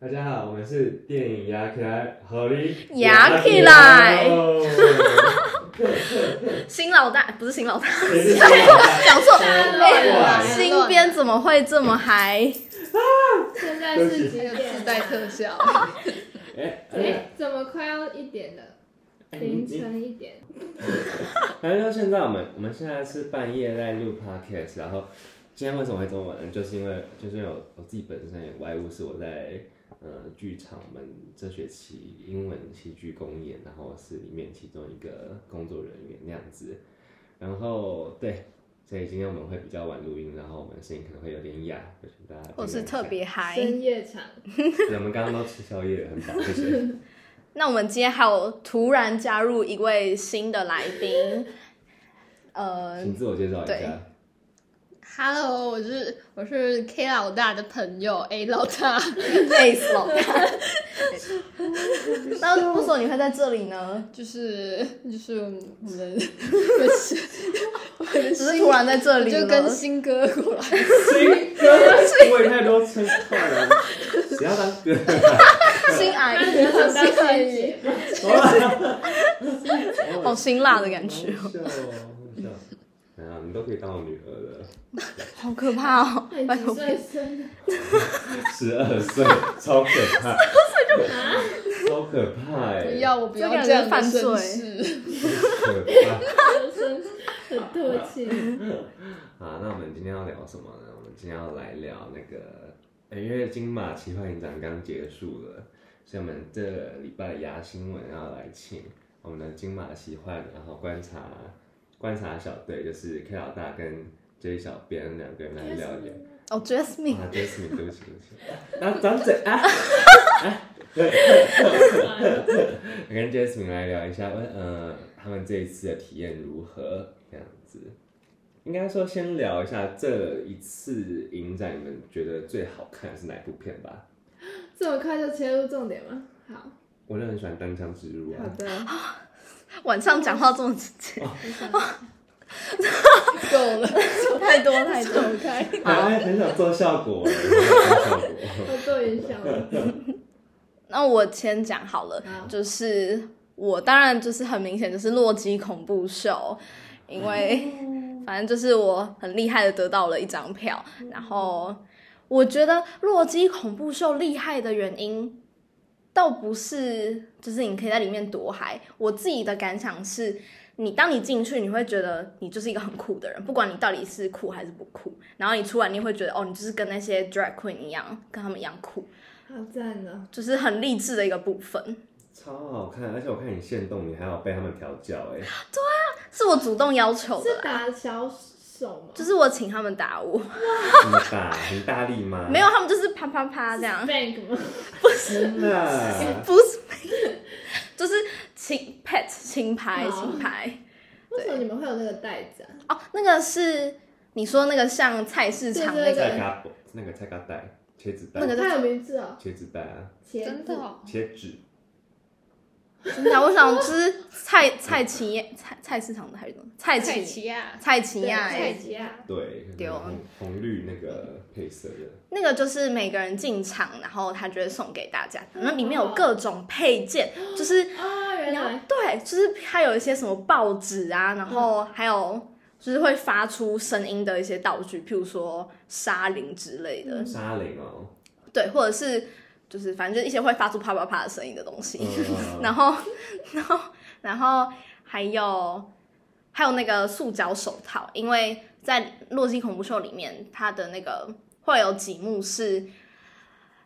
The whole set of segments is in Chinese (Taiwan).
大家好，我們是電影 Yakai，牙起來 Holly 牙起來，哦、 新老大不是新老大，講錯、 哎、新編怎麼會這麼嗨、哎？啊，現在是只有自帶特效。哎，哎，哎怎麼快要一點了？哎、凌晨一點。哎、 反正現在我們我們現在是半夜在錄 podcast，然後今天為什麼會這麼晚呢？就是因為就是因為我自己本身有外務，是我在。呃，劇場，我們這學期英文戲劇公演，然後是裡面其中一個工作人員那樣子，然後對，所以今天我們會比較晚錄音，然後我們聲音可能會有點啞，有我試試或是特別嗨，深夜場， 我們剛剛都吃宵夜很棒。就是。 那我們今天還有突然加入一位新的來賓， 呃，請自我介紹一下。Hello，我是我是 K 老大的朋友 A 老大累死 老大，當時為什麼你會在這裡呢？就是就是我們，只、就是、 是突然在這裡， 就跟新哥過來。新哥，我，新 新我太多吃透了，要當新阿好辛辣的感覺。 美味 啊、你都可以當我女兒了， 好可怕哦！哎、幾歲生？十二歲，超可怕！十二歲就拿，超可怕、欸！不要，我不要再犯罪。可 怕，很深，很 特啊,啊,啊，那我們今天要聊什麼呢？我們今天要來聊那個，哎、欸，因為金馬奇幻影展剛結束了，所以我們這禮拜的牙新聞要來請我們的金馬奇幻，然後觀察。觀察小隊就是 K 老大跟 J 小編兩個人來聊一聊哦、oh，Jasmine，Jasmine，、啊、對不起，對不起，然後啊，張嘴啊，哈、 啊、對 我跟 Jasmine 來聊一下，問呃，他們這一次的體驗如何？這樣子，應該說先聊一下這一次影展你們覺得最好看的是哪部片吧？這麼快就切入重點嗎？好，我就很喜歡登堂入室啊。好的。晚上講話這麼直接，夠、嗯、 夠了，太 多太多。我哎，哎，很想做， 做效果，做一下。 那我先講好了，嗯、就是我當然就是很明顯就是《洛基恐怖秀》，因為、嗯、反正就是我很厲害的得到了一張票、嗯，然後我覺得《洛基恐怖秀》厲害的原因。倒不是，就是你可以在裡面躲海。我自己的感想是，你當你進去，你會覺得你就是一個很酷的人，不管你到底是酷還是不酷。然後你出來，你會覺得哦，你就是跟那些 drag queen 一樣，跟他們一樣酷。好讚啊！就是很勵志的一個部分。超好看，而且我看你限動，你還要被他們調教哎、欸。對啊，是我主動要求的。是打小。就是我請他們打我，很 打很大力嗎？ 沒有，他們就是啪啪啪這樣。Spank 嗎？ 不是， 不是，是 就是輕 pat 輕拍輕拍。為什麼你們會有那個袋子啊？哦，那個是你說那個像菜市場那個菜乾包，那個菜乾袋，茄子袋。那個菜的名字啊？茄子袋啊，真的，茄子。真 我想吃菜菜奇菜菜市場的還是什麼菜奇菜企呀！菜奇呀！對，紅綠那個配色的。那個就是每個人進場，然後他就會送給大家，那裡面有各種配件，嗯哦、就是啊，原來對，就是還有一些什麼報紙啊，然後還有就是會發出聲音的一些道具，譬如說沙鈴之類的。沙鈴哦。對，或者是。就是，反正就一些會發出啪啪啪的聲音的東西、oh, wow. 然，然後，然後，然後還有，還有那個塑膠手套，因為在《洛基恐怖秀》裡面，它的那個會有幾幕是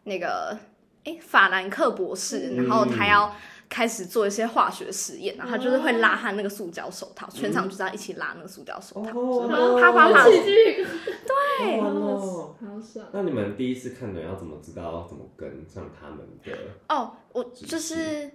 那個，哎，法蘭克博士，mm -hmm. 然後他要。開始做一些化學實驗，然後他就是會拉他那個塑膠手套，oh. 全場就在一起拉那個塑膠手套，oh. oh. 啪，啪啪啪，oh. 對，好爽。那你們第一次看的要怎麼知道怎麼跟上他們的？哦、oh.，我就是。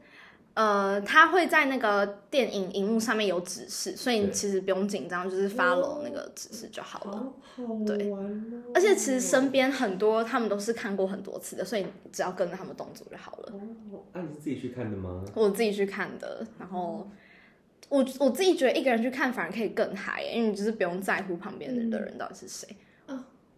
呃，他會在那個電影熒幕上面有指示，所以你其實不用緊張，就是 follow 那個指示就好了。對，哦好好玩哦、對，而且其實身邊很多他們都是看過很多次的，所以只要跟着他們動作就好了。那、哦啊、你是自己去看的嗎？我自己去看的，然後我我自己覺得一個人去看反而可以更嗨，因為你就是不用在乎旁邊的人、嗯、到底是誰。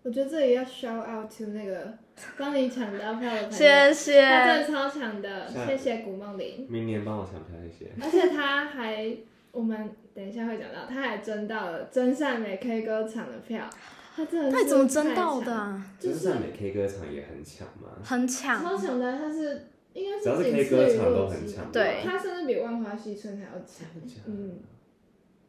我覺得這也要 shout out to 那個幫你搶到票的朋友，謝謝，他真的超強的，謝謝古夢林，明年幫我搶票謝謝， 而且他還，我們等一下會講到，他還爭到了真善美 K 歌場的票，他真的是，他怎麼爭到的啊？真、就、善、是就是、美 K 歌場也很搶嗎？很搶，超強的，他是，應該是次只要是 K 歌場都很搶，對，他甚至比萬花嬉春還要強，嗯，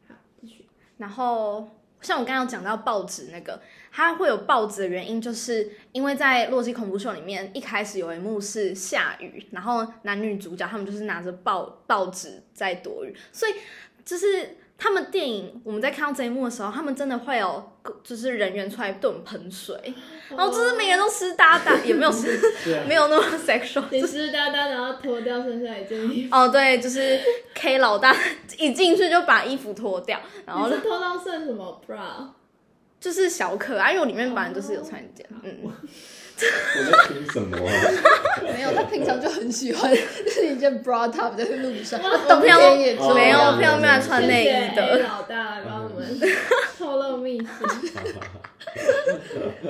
好，繼續，然後。像我剛剛有講到報紙那個，它會有報紙的原因，就是因為在《洛基恐怖秀》裡面，一開始有一幕是下雨，然後男女主角他們就是拿着報報紙在躲雨，所以就是。他們電影，我們在看到這一幕的時候，他們真的會有，就是人員出來對我們噴水，oh. 然後就是每個人都濕噠噠，也沒有濕、 啊，沒有那麼 sexual，濕噠噠，然後脫掉剩下一件衣服。哦、oh,，對，就是 K 老大一進去就把衣服脫掉， 然後脫到剩什麼？不知道，就是小可愛、啊，因為我裡面本來就是有穿一件，oh. 嗯。我在聽什麼、啊？ 沒有，他平常就很喜歡是 一件 bra top 在路上。冬、啊、天也穿、哦，沒有，沒有，沒有穿內衣的。謝謝老大，幫 我們透 露秘蜜密。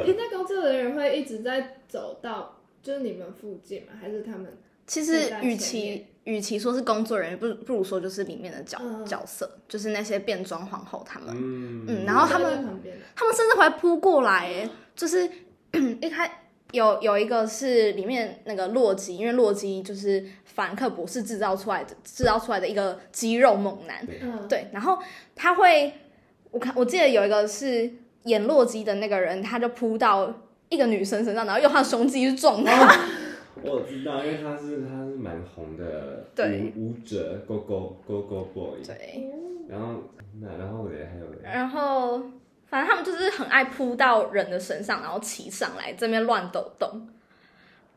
現 在、 欸、工作的人員會一直在走到，就是你們附近嗎？還是他們？其實，與其與其說是工作人員，不不如說就是裡面的角、嗯、角色，就是那些變裝皇后他們。嗯，嗯嗯然後他們，他們，他們甚至會撲過來、嗯，就是一開。 有有一個是裡面那個洛基，因為洛基就是法蘭克博士製造出來的，製造出來的一個肌肉猛男。嗯、對，然後他會，我看我記得有一個是演洛基的那個人，他就撲到一個女生身上，然後用他的胸肌去撞她。哦、我，我知道，因為他是他是蠻紅的舞舞者，Go Go Go Go Boy。對，然後那然後誰還有然後。反正他們就是很愛撲到人的身上，然後騎上來這邊亂抖動，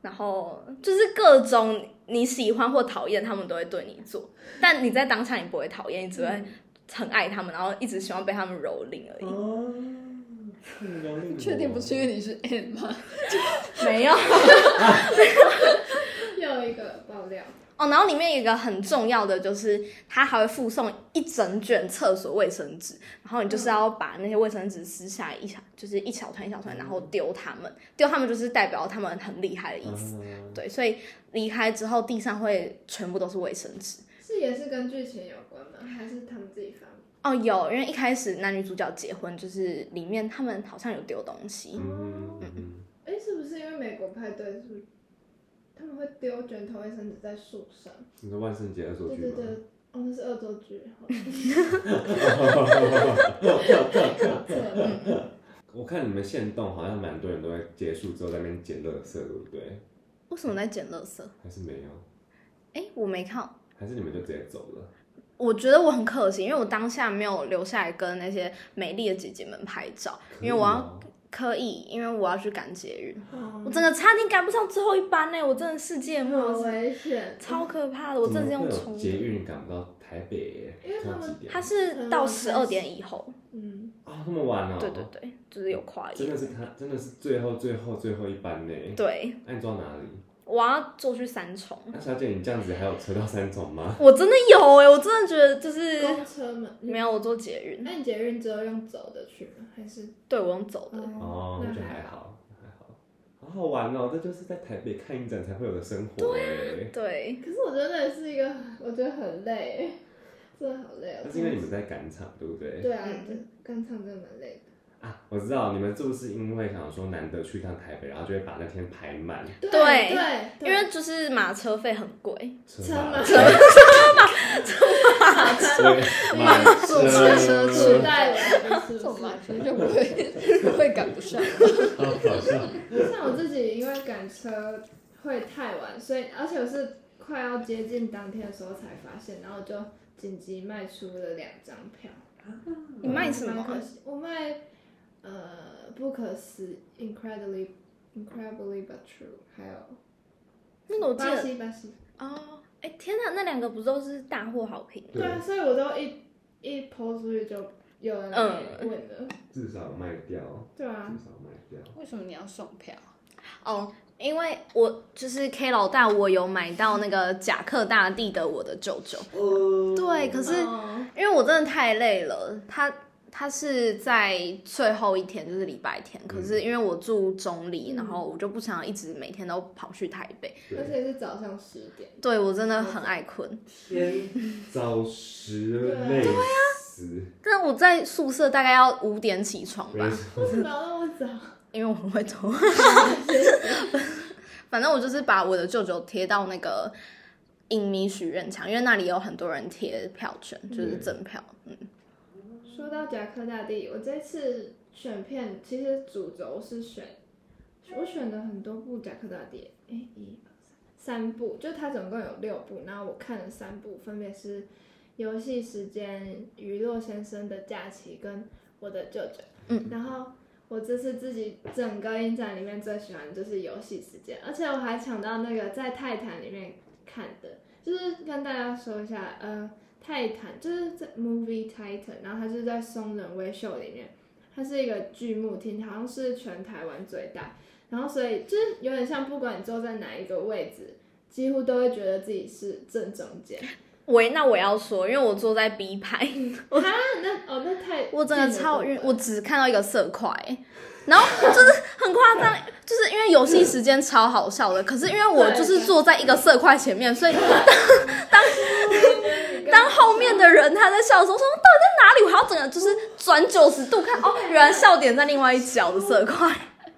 然後就是各種你喜歡或討厭，他們都會對你做。但你在當場你不會討厭，你只會很愛他們，然後一直希望被他們蹂躪而已。確、啊、定、嗯嗯嗯嗯嗯嗯嗯、不是因為你是 M 嗎？ 沒有， 啊、 又一個爆料。哦，然後裡面有一個很重要的就是，它還會附送一整卷廁所衛生紙，然後你就是要把那些衛生紙撕下來一小，就是一小團一小團、嗯，然後丟他們，丟他們就是代表他們很厲害的意思、嗯，對，所以離開之後地上會全部都是衛生紙。是也是跟劇情有關嗎？還是他們自己發？哦，有，因為一開始男女主角結婚，就是裡面他們好像有丟東西。哎、嗯嗯嗯嗯，是不是因為美國派對是，是？他們會丟卷頭衛生紙在樹上。你說萬聖節惡作劇嗎？對對，對哦，那是惡作劇 我看你們限動好像蠻多人都在結束之後在那邊撿垃圾對不對？為什麼在撿垃圾？還是沒有？哎、欸，我沒看。還是你們就直接走了？我覺得我很可惜，因為我當下沒有留下來跟那些美麗的姐姐們拍照，因為我要。可以，因為我要去趕捷運，我真的差點趕不上最後一班呢、欸，我真的世界末日，超可怕的，嗯、我真的是要從捷運趕不到台北，因為他們、嗯、他是到十二點以後，嗯,嗯哦那麼晚哦，對對對，就是有跨越，真的是他，真的是最後最後最後,最後一班呢、欸。對，那你坐哪裡？我要坐去三重。那、啊、小姐，你這樣子還有車到三重嗎？ 我真的有哎、欸，我真的覺得就是。公車嗎？沒有，我坐捷運。那你捷運之後用走的去嗎？還是對我用走的？哦，那還好，還好。好好玩哦、喔，這就是在台北看影展才會有的生活、欸。對對。可是我覺得那也是一個，我覺得很累、欸，真的好累、喔。哦。是因為你們在趕場，對不對？對啊，趕場真的蠻累的。啊，我知道你們是不是因為想說難得去一趟台北，然後就會把那天排滿？對對，對，對，因為就是馬車費很貴。車，車， 車馬車馬車馬車馬坐汽車取代了坐馬車，就不會 就不會趕 不上。像我自己，因為趕車會太晚，所以而且我是快要接近當天的時候才發現，然後就緊急賣出了兩張票。啊嗯。你賣什麼？我賣。呃、uh,，不可思 incredibly, incredibly but true，還有，巴西巴是，哦，哎、欸、天哪，那兩個不都是大獲好評？對啊，所以我都一一拋出去就有人問了、嗯、至少賣掉，對啊，至少賣掉。為什麼你要送票？哦、oh,，因為我就是 K 老大，我有買到那個賈克大地的我的舅舅， 對，oh, 可是、oh. 因為我真的太累了，他。他是在最後一天，就是禮拜天、嗯。可是因為我住中壢，然後我就不想一直每天都跑去台北。嗯、而且是早上十點。對，我真的很愛困。天早，天早十點 對啊，但我在宿舍大概要五點起床吧。為什麼那麼早？ 因為我很會拖。 反正我就是把我的舅舅貼到那個影迷許願牆，因為那裡有很多人貼票券，就是贈票。嗯。嗯說到《賈克大地》，我這次選片其實主軸是選我選了很多部《賈克大地》，誒，一、二、三，三部，就它總共有六部，然後我看了三部，分別是《遊戲時間》《娛樂先生的假期》跟《我的舅舅》。嗯，然後我這次自己整個影展裡面最喜歡就是《遊戲時間》，而且我還搶到那個在泰坦裡面看的，就是跟大家說一下，呃。泰坦就是在 Movie Titan，然後它是在松仁威秀裡面，它是一個巨幕廳，好像是全台灣最大。然後所以就是有點像，不管你坐在哪一個位置，幾乎都會覺得自己是正中間。喂，那我要說，因為我坐在 B 排，哦，我真的超，我只看到一個色塊，欸，然後就是很誇張， 就是因為遊戲時間超好笑的，嗯，可是因為我就是坐在一個色塊前面，所以當當當後面的人他在笑的時候，我說到底在哪裡？我還要整個就是轉九十度看， 哦，原來笑點在另外一角的色塊。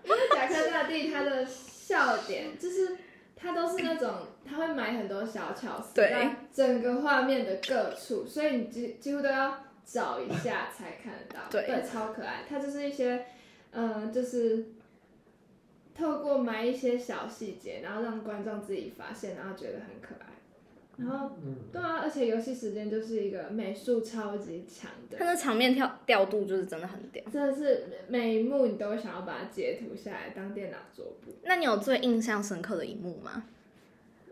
賈 克大地，他的笑點就是他都是那種。他會埋很多小巧思，在整個畫面的各處，所以你幾幾乎都要找一下才看得到對。對，超可愛。他就是一些，嗯，就是透過埋一些小細節，然後讓觀眾自己發現，然後覺得很可愛。嗯、然後，對啊，而且遊戲時間就是一個美術超級強的。他的場面調調度就是真的很屌。真的是每一幕你都想要把它截圖下來當電腦桌布。那你有最印象深刻的一幕嗎？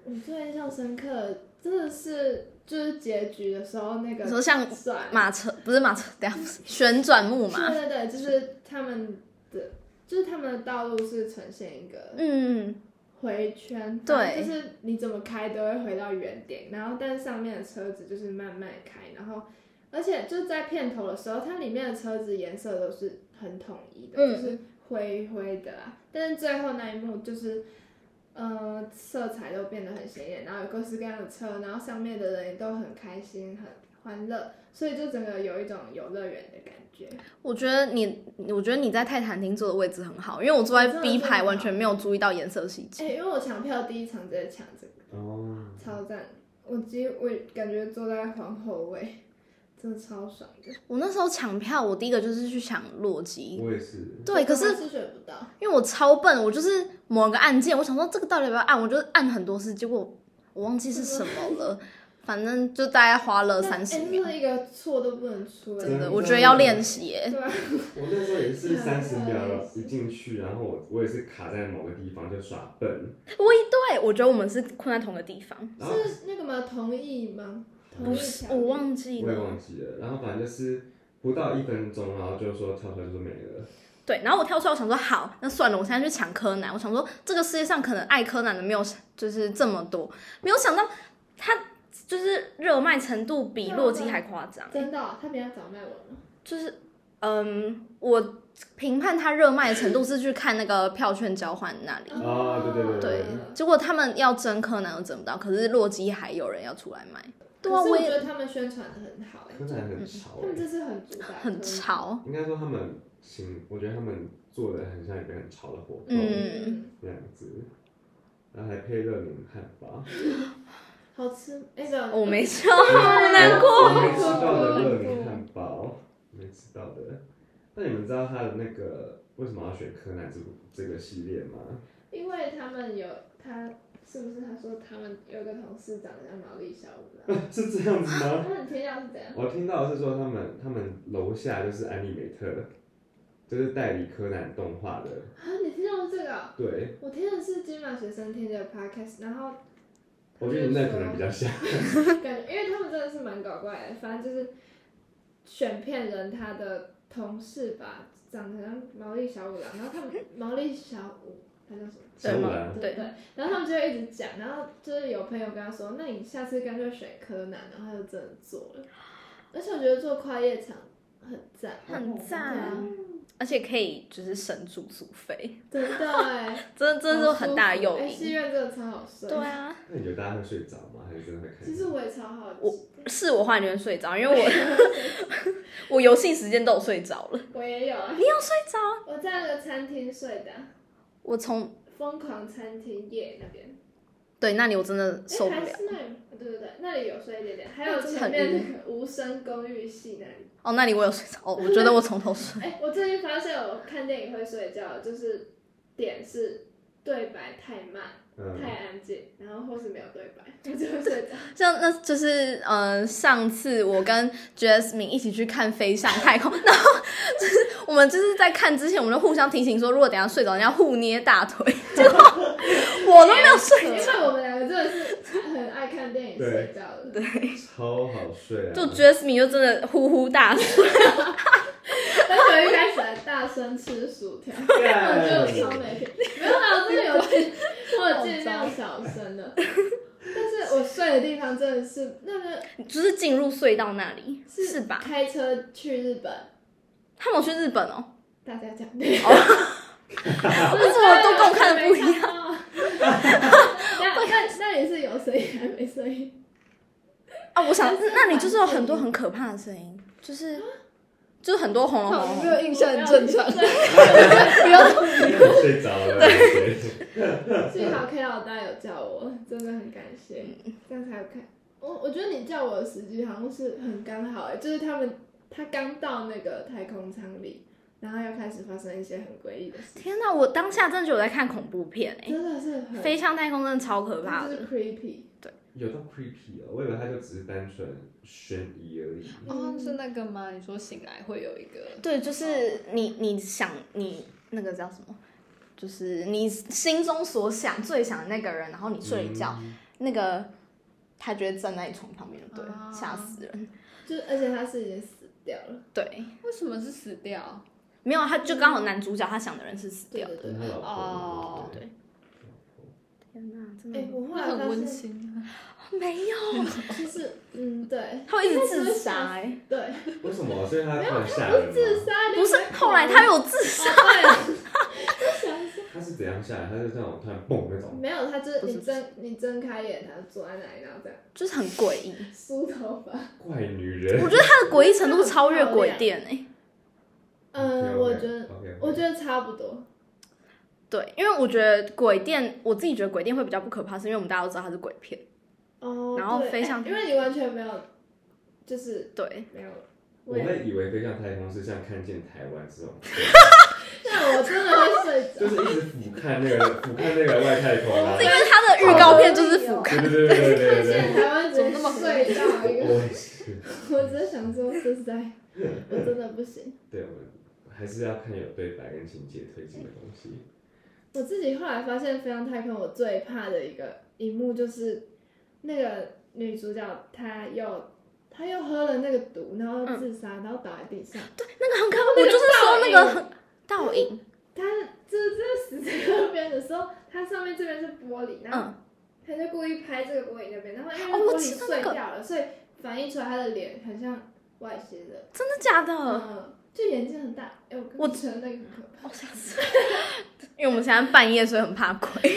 我、哦、最印象深刻真的是就是結局的時候，那個說像馬車，不是馬車，等下、嗯、旋轉木馬，對對對，就是他們的就是他們的道路是呈現一個嗯迴圈對、嗯、就是你怎麼開都會回到原點然後但是上面的車子就是慢慢開，然後而且就在片頭的時候，它裡面的車子顏色都是很統一的，嗯、就是灰灰的啦。但是最後那一幕就是。呃，色彩都變得很鮮豔，然後有各式各樣的車，然後上面的人也都很開心、很歡樂，所以就整個有一種遊樂園的感覺。我覺得你，我覺得你在泰坦廳坐的位置很好，因為我坐在 B 排完全沒有注意到顏色的細節。哎、欸欸，因為我搶票第一場直接搶這個，哦、oh.，超讚！我直接我感覺坐在皇后位。真的超爽的！我那時候搶票，我第一個就是去搶洛基。我也是。對，可是因為我超笨，我就是某個按鍵，我想說這個到底要不要按，我就是按很多次，結果我忘記是什麼了，嗯、反正就大概花了三十秒。真的是一個錯都不能出，真的。我覺得要練習、欸。對，我那時候也是三十秒一進去，然後我我也是卡在某個地方，就耍笨。我，對，我覺得我們是困在同一個地方。是那個嗎？同意嗎？不是，我，我忘記了。我也忘記了，然後反正就是不到一分鐘，然後就說跳出來就沒了。對，然後我跳出來，我想說好，那算了，我現在去搶柯南。我想說，這個世界上可能愛柯南的沒有就是這麼多，沒有想到他就是熱賣程度比洛基還誇張。嗯，真的啊，他比他早賣完。就是，嗯，我評判他熱賣的程度是去看那個票券交換那裡。啊，對對對對。對，結果他們要爭柯南都爭不到，可是洛基還有人要出來賣。對啊，我覺得他們宣傳的很好，欸，哎，宣很潮，欸嗯，他們這次很主很潮。應該說他們行。我覺得他們做的很像一個很潮的活動，這樣子。那、嗯、還配樂餅漢堡、嗯堡嗯，好吃？那、欸、個我沒吃到 好難過，我我吃到漢好難過。沒吃到的樂餅漢堡，沒吃到的。那你們知道他的那個為什麼要選柯南這這個系列嗎？因為他們有他。是不是他說他們有個同事長得像毛利小五郎。啊？ 是這樣子嗎？ 他們聽到是怎樣？我聽到的是說他們他們樓下就是安利美特，就是代理柯南動畫的。啊，你聽到是這個？對，我聽的是金馬學生聽的 Podcast，然後。我覺得那可能比較像 感覺因為他們真的是蠻搞怪的，欸，反正就是選片人他的同事吧，長得很像毛利小五郎，啊，然後他們毛利小五。什麼？對對，對、嗯，然後他們就會一直講，然後就是有朋友跟他說：“那你下次乾脆選柯南。”然後他就真的做了。而且我覺得做跨夜場很讚，很讚、啊嗯，而且可以就是省住宿費，對對 真的哎，真的真是很大誘因。是因為、欸、戲院真的超好睡，對啊。那你覺得大家會睡着嗎？還是會其實我也超好，我是我你覺睡着，因為我 我遊戲時間都有睡着了。我也有啊，你有睡着？我在那個餐廳睡的。我從瘋狂餐廳夜那邊，對，那裡我真的受不了、欸那裡。對對對，那裡有睡一點點，還有前面那、那個、無聲公寓系那裡。哦，那裡我有睡着、哦，我覺得我從頭睡。哎、 欸，我最近發現我看電影會睡覺，就是點是。對白太慢，嗯、太安靜，然後或是沒有對白，就就睡着。 這樣，那就是嗯、呃，上次我跟 Jasmine 一起去看《飛向太空，》 然後就是我們就是在看之前，我們就互相提醒說，如果等一下睡着，人家要互捏大腿。 結果 我都沒有睡着， 因為我們兩個真、就、的是。對,對,對，超好睡、啊，就 Jasmine 就真的呼呼大睡，對對對 但是我一開始還大聲吃薯條，根 本 覺得超沒品，沒有啊，我真的有，我盡量小聲的，但是我睡的地方真的是 那個，就是進入隧道那裡，是吧？開車去日本，他們去日本哦，大家講，我怎麼都跟我看的不一樣、哎那那你是有聲音，還沒聲音啊！我想，那你就是有很多很可怕的聲音，就是、啊、就是很多紅紅紅《紅樓夢》沒有印象，很正常。不要、 啊、 睡着了，對。幸好 K 老大有叫我，真的很感謝。剛才我看，我、哦、我覺得你叫我的時機好像是很剛好、欸、就是他們他剛到那個太空艙裡。然後又開始發生一些很詭異的事。天哪、啊，我當下真的覺得我在看恐怖片哎、欸！真的是很飛向太空，真的超可怕的，就是 creepy。對，有多 creepy 啊、哦？我以為他就只是單純懸疑而已、嗯。哦，是那個嗎？你說醒來會有一個？對，就是你，哦、你，你想你那個叫什麼？就是你心中所想最想的那個人，然後你睡一覺、嗯，那個他覺得站在你床旁邊，對，嚇、啊、死人！就是，而且他是已經死掉了。對，為什麼是死掉？沒有，他就剛好男主角，嗯、他想的人是死掉的哦，對，對。天哪，這麼我會、欸、很溫馨、啊喔、沒有，就是嗯，對，他會一直自殺、欸，對。為什麼？所以他下來沒有他不自殺，不是後來他有自殺。哦、 他是怎樣下來？他是這種突然蹦那種？沒有，他睜你睜你睜開眼，他坐在那裡然後這樣，就是很詭異，梳頭髮，怪女人。我覺得他的詭異程度超越鬼店哎、欸。呃，我覺得我覺得差不多，對，因為我覺得鬼店，我自己覺得鬼店會比較不可怕，是因為我們大家都知道它是鬼片，哦、oh,，然後飛向、欸，因為你完全沒有，就是對，沒有。我會以為飛向太空是像看見台灣這種，但 我真的會睡着， 就是一直俯瞰那個俯瞰那個外太空啊，是因為它的預告片就是俯瞰，啊、對對對對，對，對看見台灣怎麼那麼巨大？我也是，我只是想說，實在，我真的不行， 對。我還是要看有對白跟情節推進的東西。我自己後來發現《飛向太空》我最怕的一個一幕，就是那個女主角她，又她又喝了那個毒，然後自殺，然後倒在地上。嗯、對，那個很可怕。我就是說那個倒影，嗯、她就是死在那邊的時候，她上面這邊是玻璃，嗯，然後她就故意拍這個玻璃那邊，然後因為玻璃碎掉了，所以反映出來她的臉很像外星人。真的假的？嗯就眼睛很大，哎、欸，我只能那個很可怕。我想睡，因為我們現在半夜，所以很怕鬼。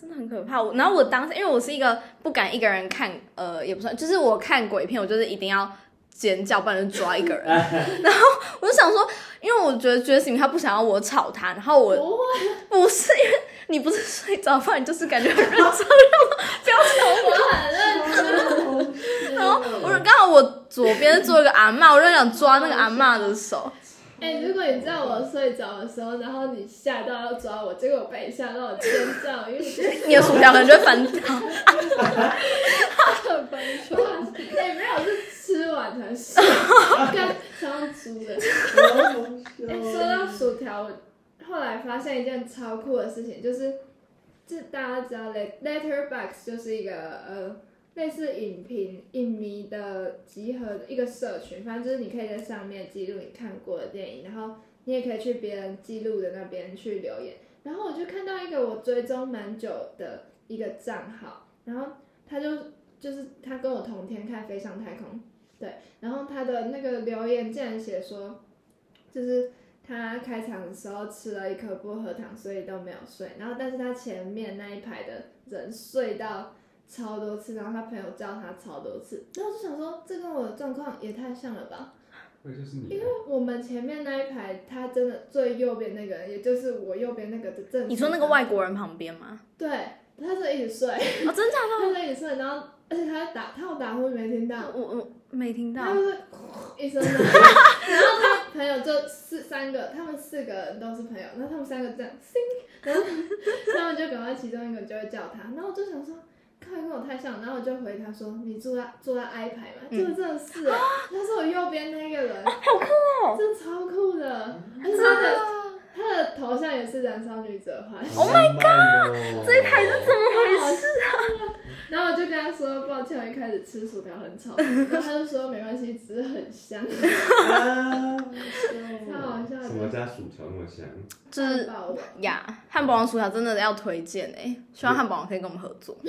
真的很可怕。我然後我當時，因為我是一個不敢一個人看，呃，也不算，就是我看鬼片，我就是一定要尖叫，不然就抓一個人。 然後我就想說，因為我覺得 Jasmine，他不想要我吵他，然後我不是 因為你不是睡着，不然你就是感覺很認真 不要吵惹我。 我了 然後我剛好我左邊坐一個阿嬤，我就想抓那個阿嬤的手。哎、 欸，如果你知道我睡着的時候，然後你嚇到要抓我，結果我被你嚇到我尖叫，因為、就是、你的薯條可能就翻掉。翻掉？哎，沒有，是吃完是 才笑。剛剛煮的。說到薯條， 我後來發現一件超酷的事情，就是，就是大家知道的 Letterbox 就是一個呃。類似影評影迷的集合的一個社群，反正就是你可以在上面記錄你看過的電影，然後你也可以去別人記錄的那邊去留言。然後我就看到一個我追蹤蠻久的一個賬號，然後他就就是他跟我同天看《飛上太空》，對，然後他的那個留言竟然寫說，就是他開場的時候吃了一顆薄荷糖，所以都沒有睡。然後但是他前面那一排的人睡到，超多次，然後他朋友叫他超多次，然後我就想說，這跟我的狀況也太像了吧。就是你。因為我們前面那一排，他真的最右邊那個人，也就是我右邊那個的正的。你說那個外國人旁邊嗎？對，他是一直睡。哦，真的他是一直睡，然後而且他打，他有打呼沒聽到？我我，我沒聽到。他就是一聲， 然後他朋友就四三個，他們四個人都是朋友，然後他們三個這樣，然後他們 就趕快其中一個就會叫他，然後我就想說。他跟我太像，然後我就回他說：“你坐在坐在 I 排嘛？”就、嗯、真的是、欸，他、啊、是我右邊那個人，啊、好酷，哦，真的超酷的。他、啊、的、啊、他的頭像也是燃燒女子的畫像，Oh my god！這一排是怎麼回事啊，啊？然後我就跟他說：“抱歉，一開始吃薯條很吵。 ”他就說：“沒關係，只是很香。 啊”薯條那麼香，就是呀，yeah, 漢堡王薯條真的要推薦哎、欸，希望漢堡王可以跟我們合作。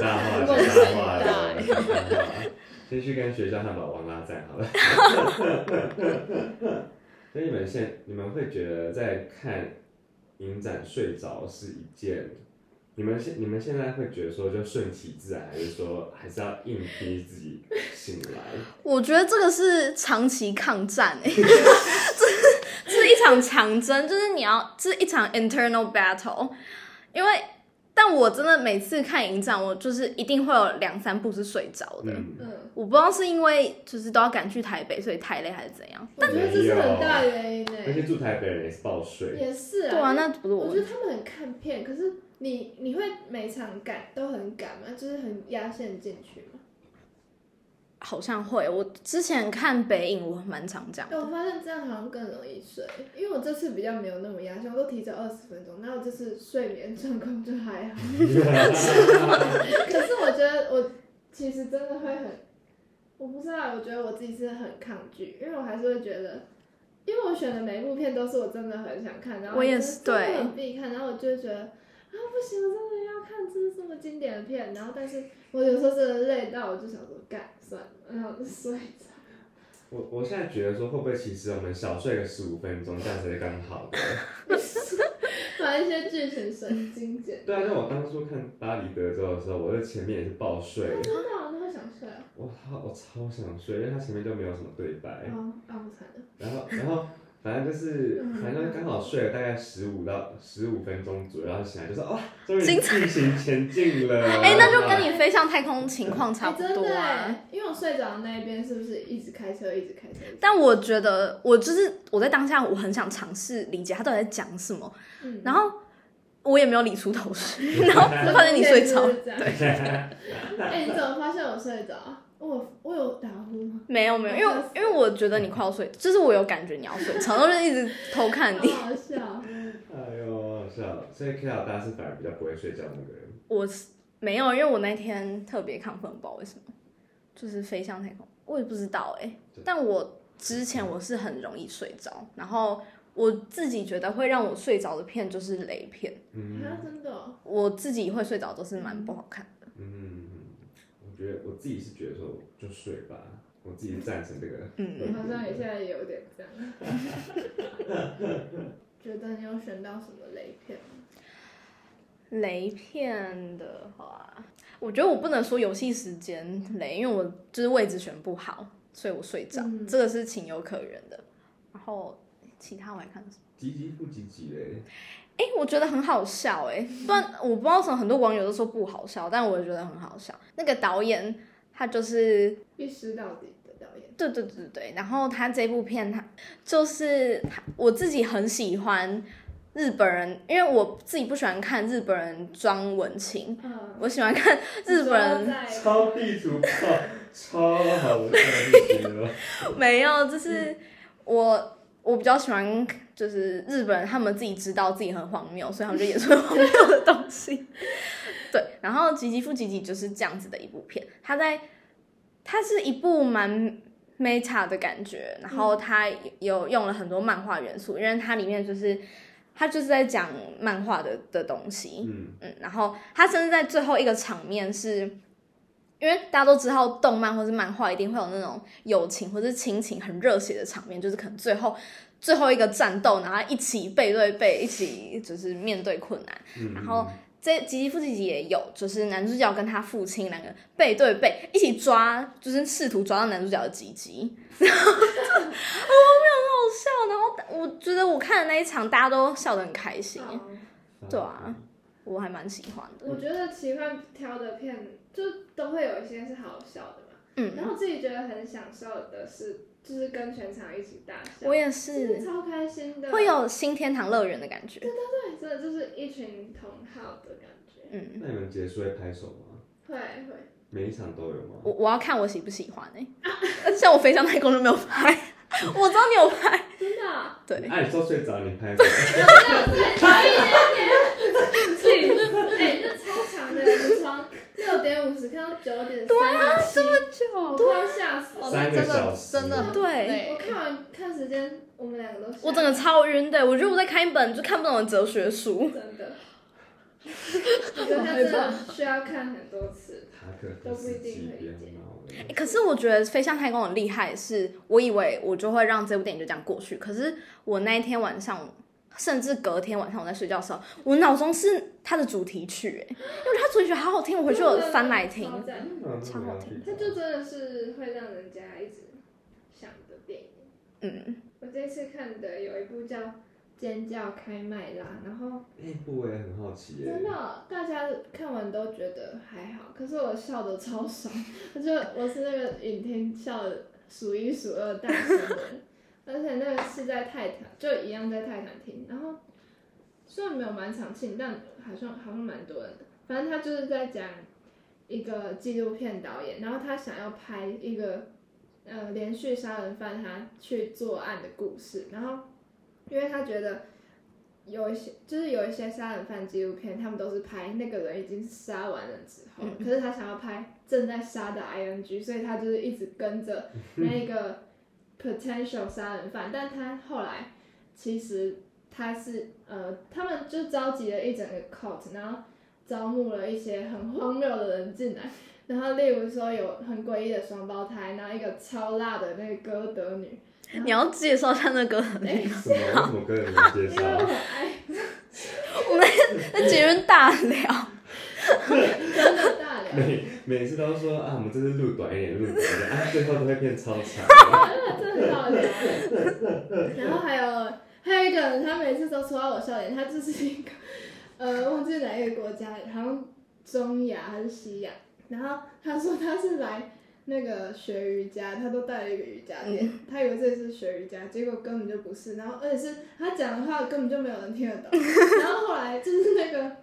大話瞎話、欸、話，先去跟學校漢堡王拉贊助好了。所 以 你們現你們會覺得在看影展睡着是一件，你們現你們現在會覺得說就順其自然，還是說還是要硬逼自己醒來？ 我覺得這個是長期抗戰哎、欸。 場強爭就是你要是一場 internal battle，因為但我真的每次看影展，我就是一定會有兩三部是睡着的。嗯，我不知道是因為就是都要趕去台北，所以太累還是怎樣？嗯，但。我覺得這是很大原因呢。而且住台北人也是不好睡也是啊，對啊，那不是我。我覺得他們很看片，可是你你會每場趕都很趕，就是很壓線進去好像會，我之前看北影，我蠻常這樣。我發現這樣好像更容易睡，因為我這次比較沒有那麼壓，我都提早二十分鐘。然後這次睡眠狀況就還好。 可是我覺得我其實真的會很，我不知道，啊，我覺得我自己是很抗拒，因為我還是會覺得，因為我選的每一部片都是我真的很想看，然後我，真的真的我也是對必看，然後我就覺得。啊不行，我真的要看這這麼經典的片，然後但是我有時候真的累到，我就想說幹算了，然後就睡着。我我現在覺得說會不會其實我們小睡個十五分鐘，這樣子也剛好。哈哈哈，把一些劇情神經剪。對啊，就我當初看《巴黎德州》的時候，我在前面也是爆睡。我、啊、知道，那麼想睡、啊。我我超想睡，因為它前面就沒有什麼對白。啊，啊然後，然後。 反正就是，反正就剛好睡了大概十五到十五分鐘左右，醒來就說哦，終於進行前進了。哎、 欸，那就跟你飛向太空情況差不多、啊欸欸，真的？因為我睡着的那一邊是不是一直開車一直開車？但我覺得我就是我在當下我很想嘗試理解他到底在講什麼、嗯，然後我也沒有理出頭緒， 然後就發現你睡着。對。哎、 欸，你怎麼發現我睡着？我，我有打呼嗎？沒有沒有，因為因為我覺得你快要睡、嗯，就是我有感覺你要睡， 常常就一直偷看你。好笑！， 哎呦，好笑！所以 K 老大是反而比較不會睡覺那個人。我是沒有，因為我那天特別亢奮吧？不知道為什麼？就是飛向太空，我也不知道哎、欸。但我之前我是很容易睡着，然後我自己覺得會讓我睡着的片就是雷片。嗯，真的。我自己會睡着都是蠻不好看的。嗯。我覺得我自己是覺得說就睡吧，我自己贊成這個。我、嗯、好像也現在也有點這樣 覺得你要選到什麼雷片？雷片的話，我覺得我不能說遊戲時間雷，因為我就是位置選不好，所以我睡着、嗯，這個是情有可原的。然後其他我還看什麼？急不急急嘞。哎、欸，我覺得很好笑。哎、欸，雖然我不知道為什麼很多網友都說不好笑， 但我也覺得很好笑。那個導演他就是一屍到底的導演，對對對對，然後他這部片他就是他我自己很喜歡日本人，因為我自己不喜歡看日本人裝文青、嗯，我喜歡看日本人。 超地主超好沒有， 沒有，就是我、嗯、我比較喜歡。就是日本人，他們自己知道自己很荒謬，所以他們就演出荒謬的東西。 對，然後《吉吉富吉吉》就是這樣子的一部片，它在它是一部蠻 meta 的感覺。然後它有用了很多漫畫元素，因為它裡面就是它就是在講漫畫的的東西。嗯嗯，然後它甚至在最後一個場面是，因為大家都知道動漫或是漫畫一定會有那種友情或是親情很熱血的場面，就是可能最後。最後一個戰鬥，然後一起背對背，一起就是面對困難。嗯嗯嗯，然後這吉吉父親也有，就是男主角跟他父親兩個背對背一起抓，就是試圖抓到男主角的吉吉。我覺得很好笑，然後我覺得我看的那一場大家都笑得很開心， 對啊，我還蠻喜歡的。我覺得奇幻挑的片就都會有一些是好笑的嘛，嗯、啊，然後自己覺得很享受的是。就是跟全場一起大笑。我也是，就是、超開心的，會有新天堂樂園的感覺。對對對，真的就是一群同好的感覺。嗯，那你們結束會拍手嗎？會會，每一場都有嗎？我我要看我喜不喜歡哎、欸， 而且像我飛向太空就沒有拍， 我知道你有拍，真的、啊、對。哎，說睡早你拍。 五時看到九點對啊，三十七，這麼久，我都要嚇死。我了、啊。三個小時，真的，真的，對。對對我看完看時間，我們兩個都。我真的超暈，對，我覺得我在看一本就看不懂的哲學書，真的。我覺得它真的需要看很多次， 都不一定會理解、欸。可是我覺得《飛向太空》很厲害，是我以為我就會讓這部電影就這樣過去，可是我那一天晚上。甚至隔天晚上我在睡覺的時候，我腦中是它的主題曲，哎，因為它主題曲好好聽，我回去我翻來聽，嗯超，嗯，超好聽。它、嗯、就真的是會讓人家一直想的電影。嗯，我這次看的有一部叫《尖叫開麥拉》，然後那部我也很好奇，真的，大家看完都覺得還好，可是我笑的超爽，我 就我是那個影廳笑得數一數二大聲的。 而且那個是在泰坦，就一樣在泰坦廳。然後雖然沒有滿場慶，但好像好像蠻多人的。反正他就是在講一個紀錄片導演，然後他想要拍一個呃連續殺人犯，他去作案的故事。然後因為他覺得有一些就是有一些殺人犯紀錄片，他們都是拍那個人已經殺完了之後， 可是他想要拍正在殺的 ING，所以他就是一直跟着那個。 potential 殺人犯，但他後來其實他是呃，他們就召集了一整個 court，然後招募了一些很荒謬的人進來，然後例如說有很詭異的雙胞胎，然後一個超辣的那個歌德女。你要介紹一下那歌德女嗎？啊，因為我愛， 我們那前面大聊。 每每次都說啊，我們這是錄短一點，錄短一點，啊， 最後都會變超長。真的好笑。， 對 然後還有還有一個人，他每次都戳到我笑點。他就是一個呃，忘記哪一個國家，好像中亞還是西亞。然後他說他是來那個學瑜伽，他都帶了一個瑜伽墊，他以為這是學瑜伽，結果根本就不是。然後而且是他講的話根本就沒有人聽得懂。 然後後來就是那個。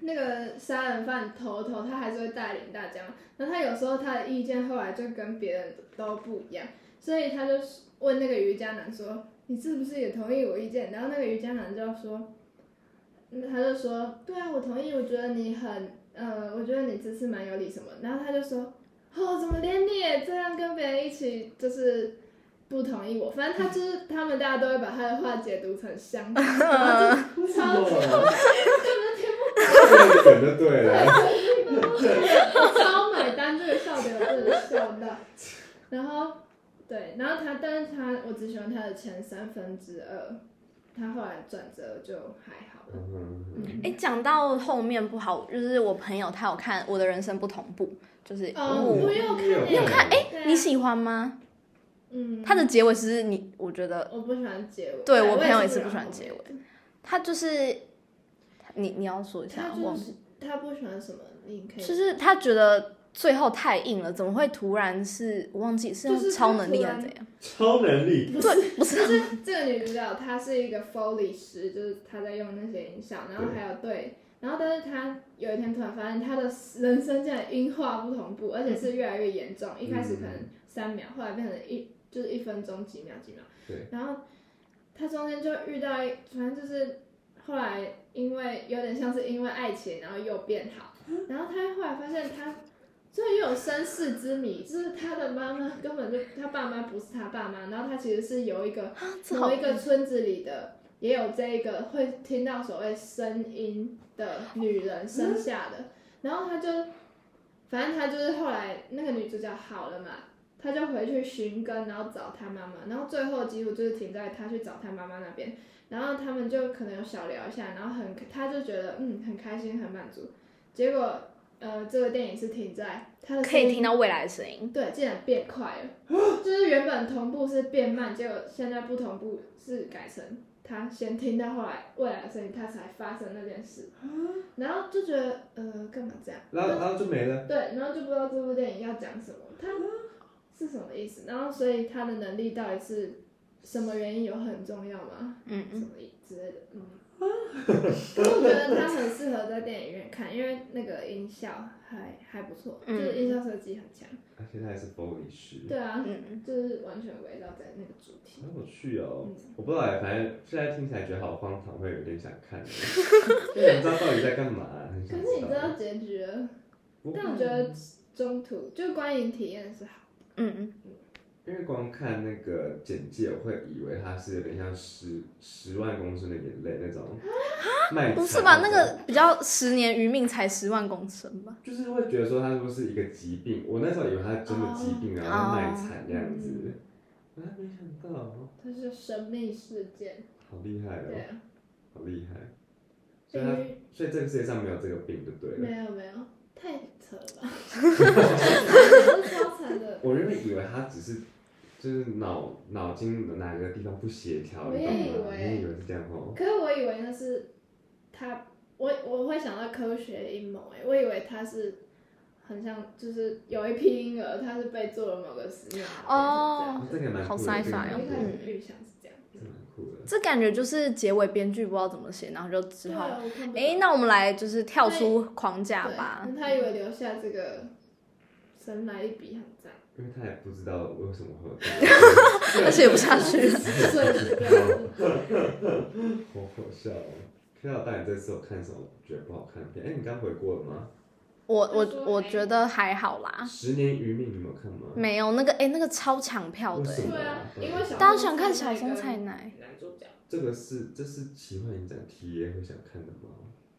那個殺人犯頭頭，他還是會帶領大家。然後他有時候他的意見後來就跟別人都不一樣，所以他就問那個瑜伽男說：“你是不是也同意我意見？”然後那個瑜伽男就說：“嗯、他就說，對啊，我同意。我覺得你很，呃，我覺得你這次蠻有理什麼。”然後他就說：“哦，怎麼連你也這樣跟別人一起就是不同意我？反正他就是他們大家都會把他的話解讀成相反，超級，選 就 個對了，對，超買單，這個笑點，這個笑點，然後，對，然後他，但是他，我只喜歡他的前三分之二，他後來轉折就還好了。哎，講、 嗯、到後面不好，就是我朋友他有看《我的人生不同步》，就是嗯，就是，哦、嗯，你有看、欸？你有看、欸？哎、欸啊，你喜歡嗎？嗯、啊，他的結尾其實你，我覺得我不喜歡結尾，對，對我，尾我朋友也是不喜歡結尾， 他就是。你你要說一下，他就是、我忘記他不喜歡什麼你可以就是他覺得最後太硬了，怎麼會突然是我忘記是用超能力啊？怎樣？超能力不是不是，不是，就是 這個女主角，她是一個 Foley 師，就是她在用那些音效，然後還有對，對，然後但是她有一天突然發現，她的人生竟然音畫不同步，而且是越來越嚴重、嗯，一開始可能三秒，後來變成一就是一分鐘幾秒幾秒，幾秒，對，然後她中間就遇到一反正就是後來。因為有點像是因為愛情，然後又變好，然後他後來發現他，就又有身世之謎，就是他的媽媽根本就他爸媽不是他爸媽，然後他其實是由一個從一個村子裡的也有這一個會聽到所謂聲音的女人生下的，然後他就，反正他就是後來那個女主角好了嘛，他就回去尋根，然後找他媽媽，然後最後幾乎就是停在他去找他媽媽那邊。然後他們就可能有小聊一下，然後很，他就覺得嗯，很開心，很滿足。結果呃，這個電影是停在他的聲音可以聽到未來的聲音。對，竟然變快了，就是原本同步是變慢，結果現在不同步是改成他先聽到後來未來的聲音，他才發生那件事。然後就覺得呃，幹嘛這樣？然後然後，然後就沒了。對，然後就不知道這部電影要講什麼，他是什麼意思？然後所以他的能力到底是？什麼原因有很重要嗎？嗯，嗯什麼之類的？嗯， 可是我覺得它很適合在電影院看，因為那個音效還還不錯，嗯，就是音效設計很強。而且它還是玻璃師。對啊，嗯，嗯就是完全圍繞在那個主題。那我去哦，嗯，我不知道哎，反正現在聽起來覺得好荒唐，會有點想看， 就也不知道到底在幹嘛，啊。可是你知道結局，嗯？但我覺得中途就觀影體驗是好。嗯嗯。因為光看那個簡介，我會以為他是有點像十十萬公升的眼淚那種，不是吧？那個比較十年餘命才十萬公升吧。就是會覺得說，他說是，是一個疾病，我那時候以為他真的疾病，啊、然後在賣慘這樣子。那、啊嗯啊、沒想到、哦，他是神秘事件，好厲害哦，好厲害。所以他，所以這個世界上沒有這個病，對不對？沒有，沒有。太扯了， 超慘的 我原本以為他只是就是腦腦筋的哪個地方不協調、啊，我也以為，你也以為是這樣哦，喔。可是我以為那是他，我我會想到科學陰謀誒，我以為他是很像，就是有一批嬰兒，他是被做了某個實驗哦，好 sci-fi 喔。這感覺就是結尾編劇不知道怎麼寫，然後就只好，哎、欸，那我們來就是跳出框架吧。欸、他以為留下這個神來一筆，很讚。因為他也不知道為什麼喝，他寫不下去了。好 好, 笑哦！K 老大，你這次有看什麼覺得不好看的片？哎、欸，你剛回過了嗎？我我我覺得還好啦。十年餘命你有沒有看嗎？沒有那個哎、欸，那個超搶票的、欸啊。對啊，因為大家想看小松菜奈。男主角這個是這是奇幻影展 T V 會想看的嗎？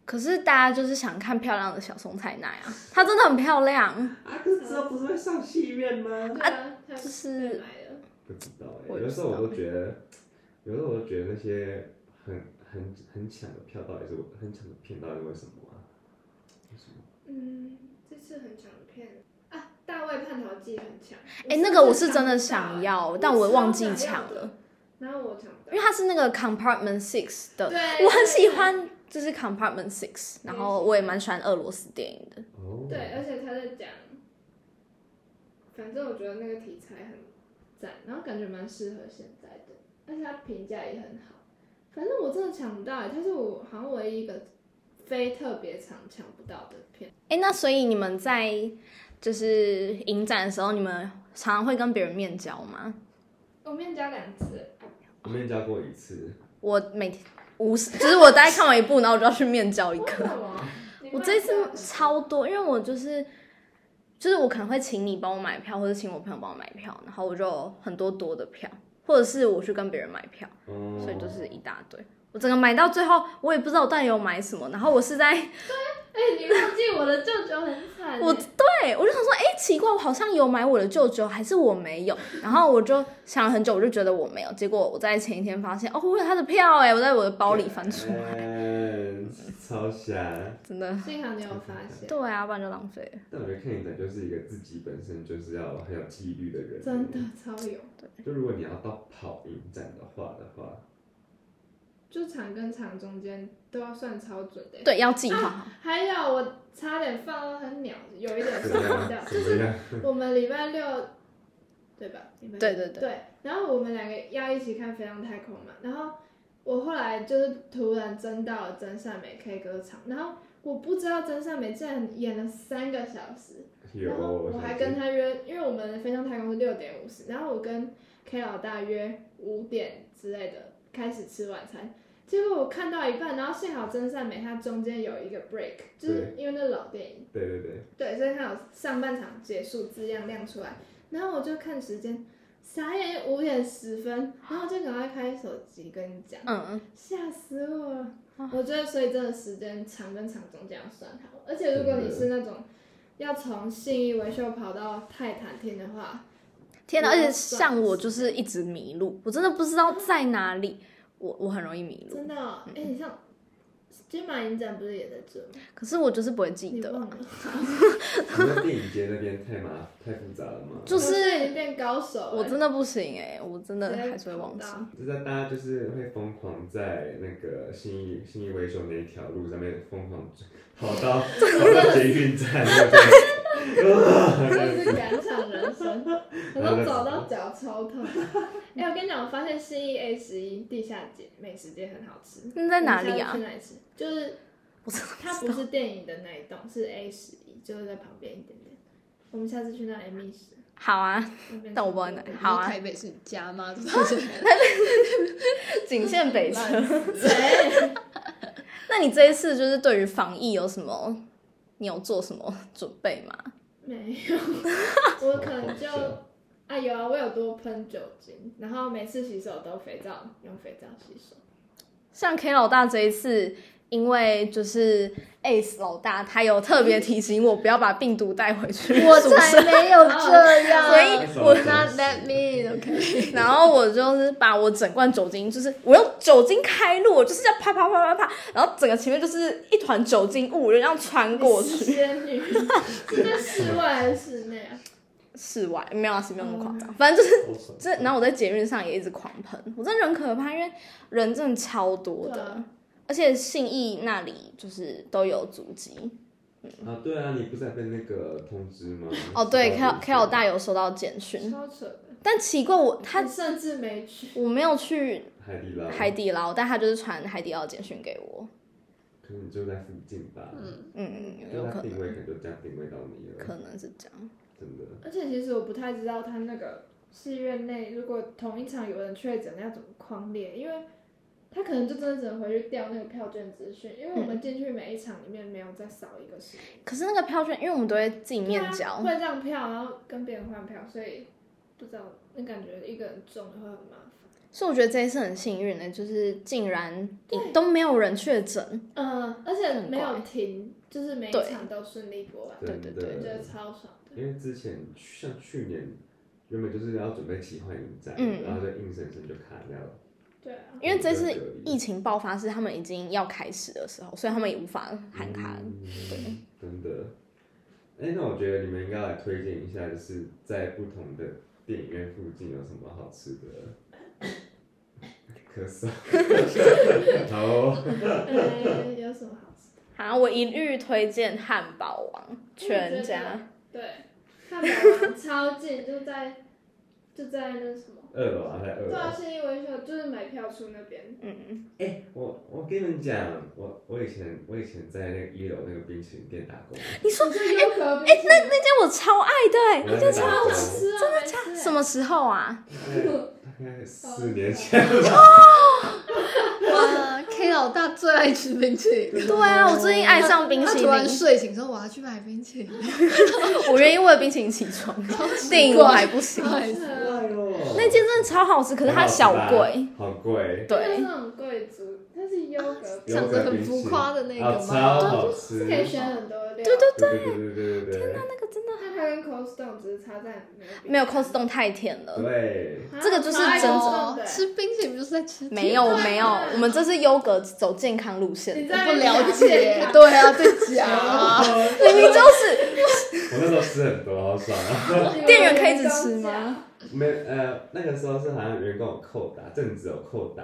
可是大家就是想看漂亮的小松菜奈啊，她 真的很漂亮。啊，可是之後不是會上戲院嗎啊？啊，就是。不知道哎、欸，有時候我都覺得，有的時候我都覺得那些很很很搶的票到底是很搶的片到底是為什麼？嗯，這次很強片啊，大很《大衛叛逃記》很強。哎，那個我是真的想要、欸，但我忘記搶了。然後我搶不到。因為他是那個《Compartment Six》的，對。我很喜歡，就是《Compartment Six》。然後我也蠻喜歡俄羅斯電影的。哦。對，而且他在講，反正我覺得那個題材很讚，然後感覺蠻適合現在的，而且他評價也很好。反正我真的搶不到、欸，他是我好像唯一一個。非特別常搶不到的片，哎，欸，那所以你們在就是影展的時候，你們常常會跟別人面交嗎？我面交兩次，我面交過一次。我每天五十，就是我大概看完一部， 然後我就要去面交一個。我這次超多，因為我就是就是我可能會請你幫我買票，或者請我朋友幫我買票，然後我就有很多多的票。或者是我去跟別人買票，所以就是一大堆。我整個買到最後，我也不知道我到底有買什麼。然後我是在，對，欸，你忘記我的舅舅很慘。我對我就想說，欸，奇怪，我好像有買我的舅舅，還是我沒有？然後我就想了很久，我就覺得我沒有。結果我在前一天發現，喔，我有他的票欸，我在我的包裡翻出來。超瞎，真的，幸好你有發現。Okay. 對啊，不然就浪費了。但我覺得看影展就是一個自己本身就是要很有紀律的人。真的，超有。就如果你要到跑影展的話的話，就場跟場中間都要算超準的。對，要記好、啊。還有，我差點放了很鳥，有一點忘掉， 就是我們禮拜六，對吧？對對對。對，然後我們兩個要一起看《飛向太空》嘛，然後。我後來就是突然真到了真善美 K 歌場，然後我不知道真善美竟然演了三個小時，然後我還跟他約，因為我們飛上太空是六點五十，然後我跟 K 老大約五點之類的開始吃晚餐，結果我看到一半，然後幸好真善美他中間有一個 break，就是因為那老電影，對對，對對，對，所以他有上半場結束字樣亮出來，然後我就看時間。三點五點十分，然後就趕快開手機跟你講，嚇、嗯、死我了、哦！我覺得所以這個時間長跟長中這樣算好，而且如果你是那種要從信義威秀跑到泰坦廳的話，天吶、啊，而且像我就是一直迷路，我真的不知道在哪裡，嗯、我我很容易迷路。真的、哦，哎、嗯欸，你像。金馬影展不是也在這嗎？可是我就是不會記得。 啊、你那電影街那邊太麻太複雜了嗎？就是已經變高手、欸，我真的不行哎、欸，我真的還是會忘記。就是大家就是會瘋狂在那個信義信義威秀那一條路上面瘋狂跑到跑到捷運站那邊，真的 哇 是趕場人生。 我走 到腳超痛。哎、欸，我跟你講，我發現信義 A 十一地下街美食街很好吃。你在哪裡啊？去哪裡吃就是，它不是電影的那一棟，是 A 十一，就是在旁邊一點點。我們下次去那 m 覓食。好啊。那我們好、啊。好啊、台北是你家嗎？是不是？僅限北車。 欸、 那你這一次就是對於防疫有什麼？你有做什麼準備嗎？沒有， 我可能就。啊有啊，我有多噴酒精，然後每次洗手都肥皂，用肥皂洗手。像 K 老大這一次，因為就是 Ace 老大，他有特別提醒我不要把病毒帶回去。我才沒有這樣，oh, okay. 所以。我、okay. 然後我就是把我整罐酒精，就是我用酒精開路，我就是要啪啪啪啪啪，然後整個前面就是一團酒精霧，然後穿過去。仙女， 是在室外還是室內啊？室外沒有是沒有那麼誇張、嗯。反正就是這， 然後我在捷運上也一直狂噴。我真的很可怕，因為人真的超多的，而且信義那裡就是都有足跡。啊，對啊，你不是還被那個通知嗎？嗯、哦，對，K 老 K 老大有收到簡訊，但奇怪，我他甚至沒去，我沒有去海底撈，海底撈，但他就是傳海底撈簡訊給我。可能就在附近吧，嗯嗯有可能,定位,可能定位到你了，可能是這樣。而且其實我不太知道他那個戲院內，如果同一場有人確診，那要怎麼框列？因為他可能就真的只能回去調那個票券資訊，因為我們進去每一場裡面沒有再掃一個、嗯。可是那個票券，因為我們都會自己面交，啊、會讓票，然後跟別人換票，所以不知道，那感覺一個人中的話會很麻煩。所以我覺得這一次很幸運呢、欸，就是竟然都沒有人確診，嗯，而且沒有停，就是每一場都順利過完，對對對，覺、就、得、是、超爽。因為之前像去年原本就是要準備奇幻影展，然後就硬生生就卡掉了。對、啊了，因為這次疫情爆發，是他們已經要開始的時候，所以他們也無法喊卡、嗯嗯。真的，哎、欸，那我覺得你們應該來推薦一下，就是在不同的電影院附近有什麼好吃的。咳嗽。好、 嗯。有什麼好吃的？好，我一律推薦漢堡王、嗯、全家。對，看超近， 就在就在那什麼二樓啊，在二樓。對啊，是因為說就是買票出那邊。嗯嗯。哎、欸，我我給你們講，我講我，我以前我以前在那個一樓那個冰淇淋店打工。你說哎、欸欸，那那家我超愛的、欸，那家超好吃，真的超。什麼時候啊？ 大概大概四年前了。啊、 oh!。K 老大最愛吃冰淇淋。對啊， 我最近愛上冰淇淋。突然睡醒之後， 我要去買冰淇淋。 我願意為冰淇淋起床。電影我還不行，哦。那件真的超好吃，可是它小貴。好貴。對。那種貴族。是優格，長得很浮誇的那個嗎？哦、超好吃。對，就是可以選很多料。對對對對對對，對天哪、啊，那個真的還。那它跟 cos 凍只是差在沒，沒有 cos e 太甜了。對。啊、這個就是真的、啊，吃冰淇淋不就是在吃？啊、沒有沒有，我們這是優格，走健康路線，啊、我不了解、啊。對啊，對家明明就是。我那時候吃很多，好爽啊！店 員可以一直吃嗎？沒呃，那個時候是好像員工扣打，正職有扣打。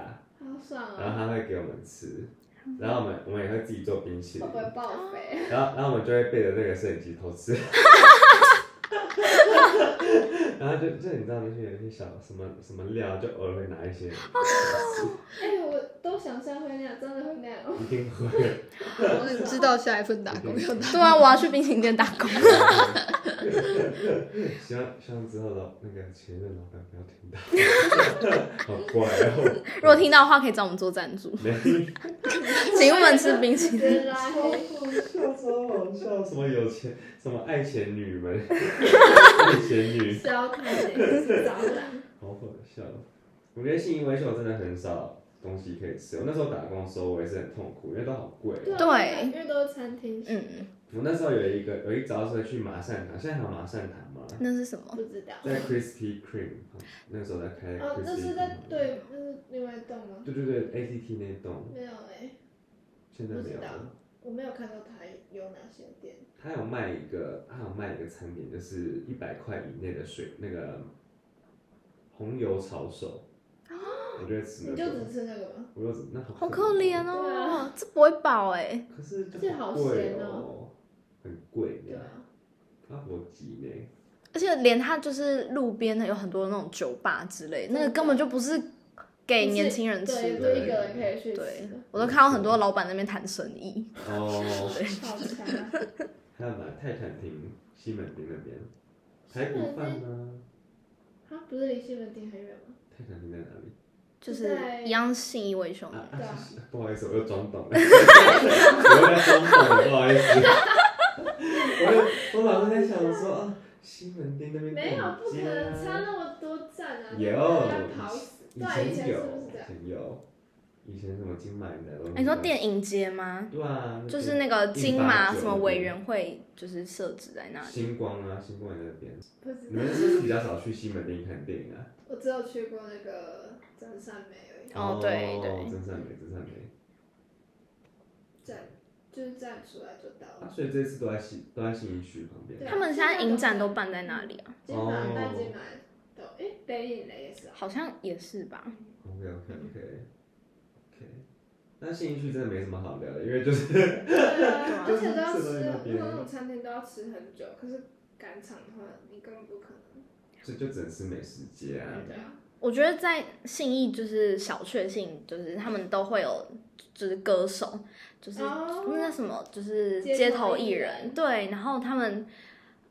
然後他會給我們吃，嗯、然後我們、嗯、然後我們也會自己做冰淇淋，會暴肥，然後然後我們就會背着那個攝影機偷吃， 然後就就你知道那些有些小什麼什麼料，就偶爾會拿一些。好 哎、欸，我都想像會那樣，真的會那樣。 一定會。我知道下一份打工要。 對啊，我要去冰淇淋店打工。 希望之後的那個前任老闆不要聽到， 好怪哦。如果聽到的話，可以找我們做贊助。 請我們吃冰淇淋。 超好搞笑，超好搞笑，笑，什麼有錢，什麼愛錢女們， 愛錢前女。招財，招財。好搞笑。我覺得信義威秀真的很少東西可以吃。我那時候打工的時候，我也是很痛苦，因為都好貴。對，因為都是餐廳。嗯嗯。我那時候有一個，有一早是去馬善堂，現在還有馬善堂嗎？那是什麼？不知道。在 Krispy Kreme 那個時候在開、啊。哦，那是在、嗯、對，對，那是另外一棟嗎？對對對，ATT 那棟。沒有哎、欸。現在沒有我。我沒有看到它有哪些店。它有賣一個，它有賣一個產品，就是一百塊以內的水，那個紅油炒手。啊，我覺得吃、那個。你就只吃那個嗎？我有那好可憐哦、喔喔啊，這不會飽哎、欸。可是。這好鹹哦、喔。很貴的、啊，他好擠嘞。而且連他就是路邊的有很多那種酒吧之類，那個根本就不是給年輕人，吃，對對對對人吃的。一個人可以去對，我都看到很多老闆在那邊談生意。哦，對。啊、還有買泰坦廳、西門町那邊，排骨飯呢？他不是離西門町很遠嗎？泰坦廳在哪裡？就是一樣信義威秀的、啊啊。不好意思，我又裝懂了。我又裝懂，不好意思。 我我老是在想說，西 門町那邊、啊、沒有，不可能差那麼多站啊！有，以前，以前有，以前是是，以前有，以前什麼金馬的？你、欸、說電影街嗎？對啊，就是那個金馬什麼委員會，就是設置在那裡。星光啊，星光那個店。你們是不是比較少去西門町看電影啊？ 我只有去過那個真善美、oh, 美。哦，對對，真善美，真善美。就是站出來就到了，啊、所以這次都在信都在信義區旁邊。他們現在影展都辦在哪裡啊？基本上晚、今晚、哦、都誒北影也是，好像也是吧？OK OK OK OK，但信義區真的沒什麼好聊的，因為就是之前 都、就是、要吃那種餐廳都要吃很久，可是趕場的話你根本不可能，所就，就只能吃美食街啊。對對對，我覺得在信義就是小確幸，信就是他們都會有，就是歌手。就是、oh. 那什麼，就是街頭藝人，人，對，然後他們。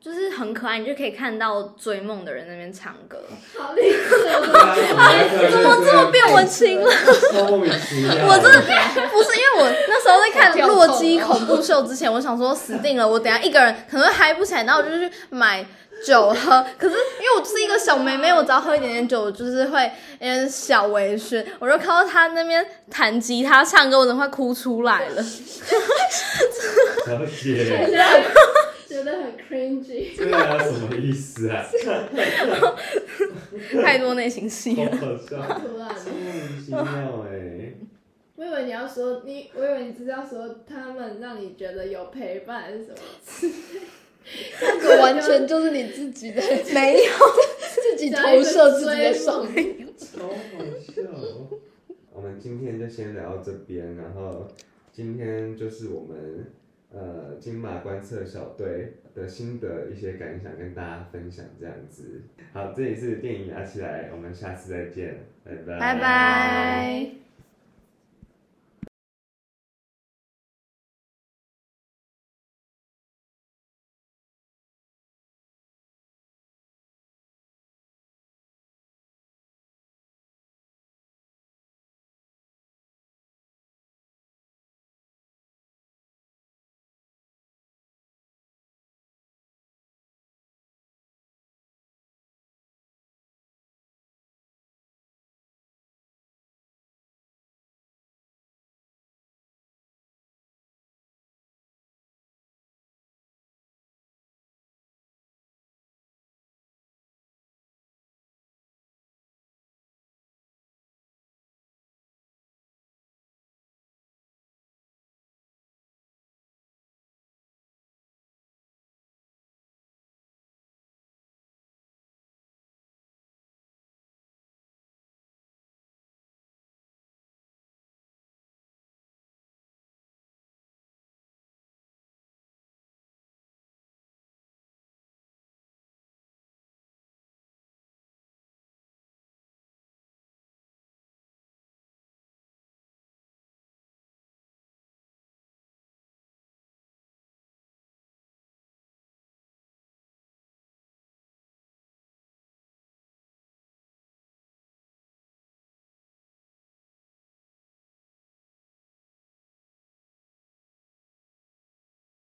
就是很可愛，你就可以看到追夢的人那邊唱歌，好厲害！ 怎麼這麼變文青了？啊、怎麼這麼變文青了？ 我這不是因為我那時候在看《洛基恐怖秀》之前，我想說死定了，我等一下一個人可能會嗨不起來，然後我就去買酒喝。可是因為我就是一個小妹妹，我只要喝一點點酒，就是會有點小微醺。我就看到他那邊彈吉他唱歌，我都快哭出來了。 什麼 什麼 覺得很 cringy。對啊，什麼意思啊？ 太多內心戲了。好搞笑， 突然莫名其妙哎。 我以為你要說你，我以為你知道說他們讓你覺得有陪伴還是什麼。這 完全就是你自己的， 沒有自己投射自己的爽好 好笑！我們今天就先聊到這邊，然後今天就是我們。呃，金馬觀測小隊的心得、一些感想跟大家分享，這樣子。好，這裡是電影牙起來，我們下次再見，拜拜。拜拜。